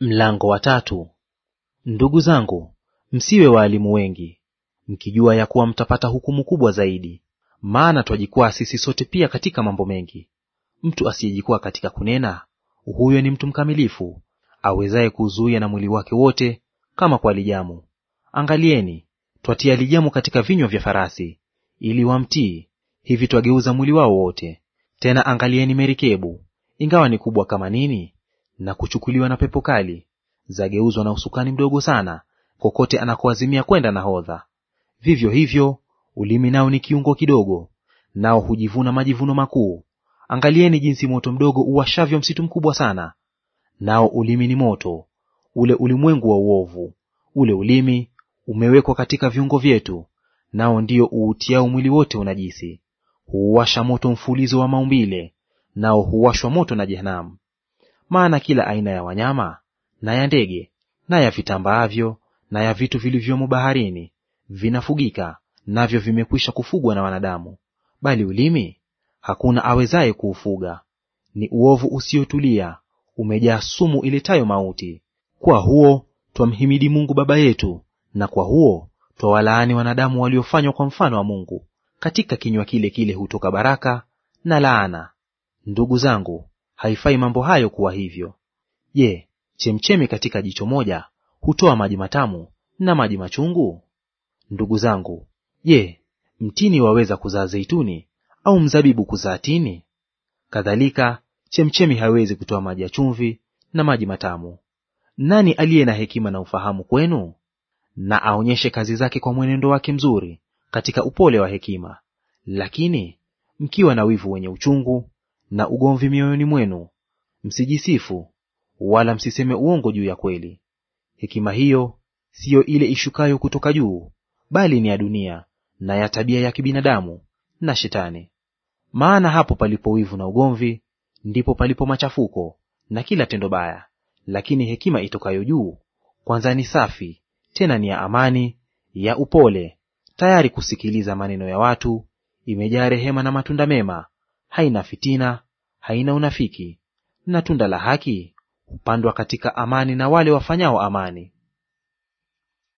Mlango wa tatu. Ndugu zangu, msiwe waalimu wengi, mkijua ya kuwa mtapata hukumu kubwa zaidi. Maana twajikwaa sisi sote pia katika mambo mengi. Mtu asiyejikwaa katika kunena, huyo ni mtu mkamilifu, awezaye kuzuia na mwili wake wote kama kwa lijamu. Angalieni, twatia lijamu katika vinywa vya farasi, ili wamtii; hivi twageuza mwili wao wote. Tena angalieni merikebu, ingawa ni kubwa kama nini, na kuchukuliwa na pepo kali, zageuzwa na usukani mdogo sana, kokote anakoazimia kwenda nahodha. Vivyo hivyo ulimi nao ni kiungo kidogo, nao hujivuna majivuno makuu. Angalieni jinsi moto mdogo uwashavyo msitu mkubwa sana. Nao ulimi ni moto, ule ulimwengu wa uovu. Ule ulimi umewekwa katika viungo vyetu, nao ndio uutiao mwili wote unajisi. Huuwasha moto mfulizo wa maumbile, nao huwashwa moto na jehanamu. Maana kila aina ya wanyama na ya ndege na ya vitambaavyo na ya vitu vilivyomo baharini vinafugika, navyo vimekwisha kufugwa na wanadamu, bali ulimi hakuna awezaye kuufuga. Ni uovu usiotulia, umejaa sumu iletayo mauti. Kwa huo twamhimidi Mungu Baba yetu, na kwa huo twawalaani wanadamu waliofanywa kwa mfano wa Mungu. Katika kinywa kile kile hutoka baraka na laana. Ndugu zangu, haifai mambo hayo kuwa hivyo. Je, chemchemi katika jicho moja hutoa maji matamu na maji machungu? Ndugu zangu, je, mtini waweza kuzaa zeituni au mzabibu kuzaa tini? Kadhalika chemchemi haiwezi kutoa maji ya chumvi na maji matamu. Nani aliye na hekima na ufahamu kwenu? Na aonyeshe kazi zake kwa mwenendo wake mzuri katika upole wa hekima. Lakini mkiwa na wivu wenye uchungu na ugomvi mioyoni mwenu, msijisifu wala msiseme uongo juu ya kweli. Hekima hiyo siyo ile ishukayo kutoka juu, bali ni ya dunia na ya tabia ya kibinadamu na Shetani. Maana hapo palipo wivu na ugomvi, ndipo palipo machafuko na kila tendo baya. Lakini hekima itokayo juu kwanza ni safi, tena ni ya amani, ya upole, tayari kusikiliza maneno ya watu, imejaa rehema na matunda mema, haina fitina, haina unafiki, na tunda la haki hupandwa katika amani na wale wafanyao amani.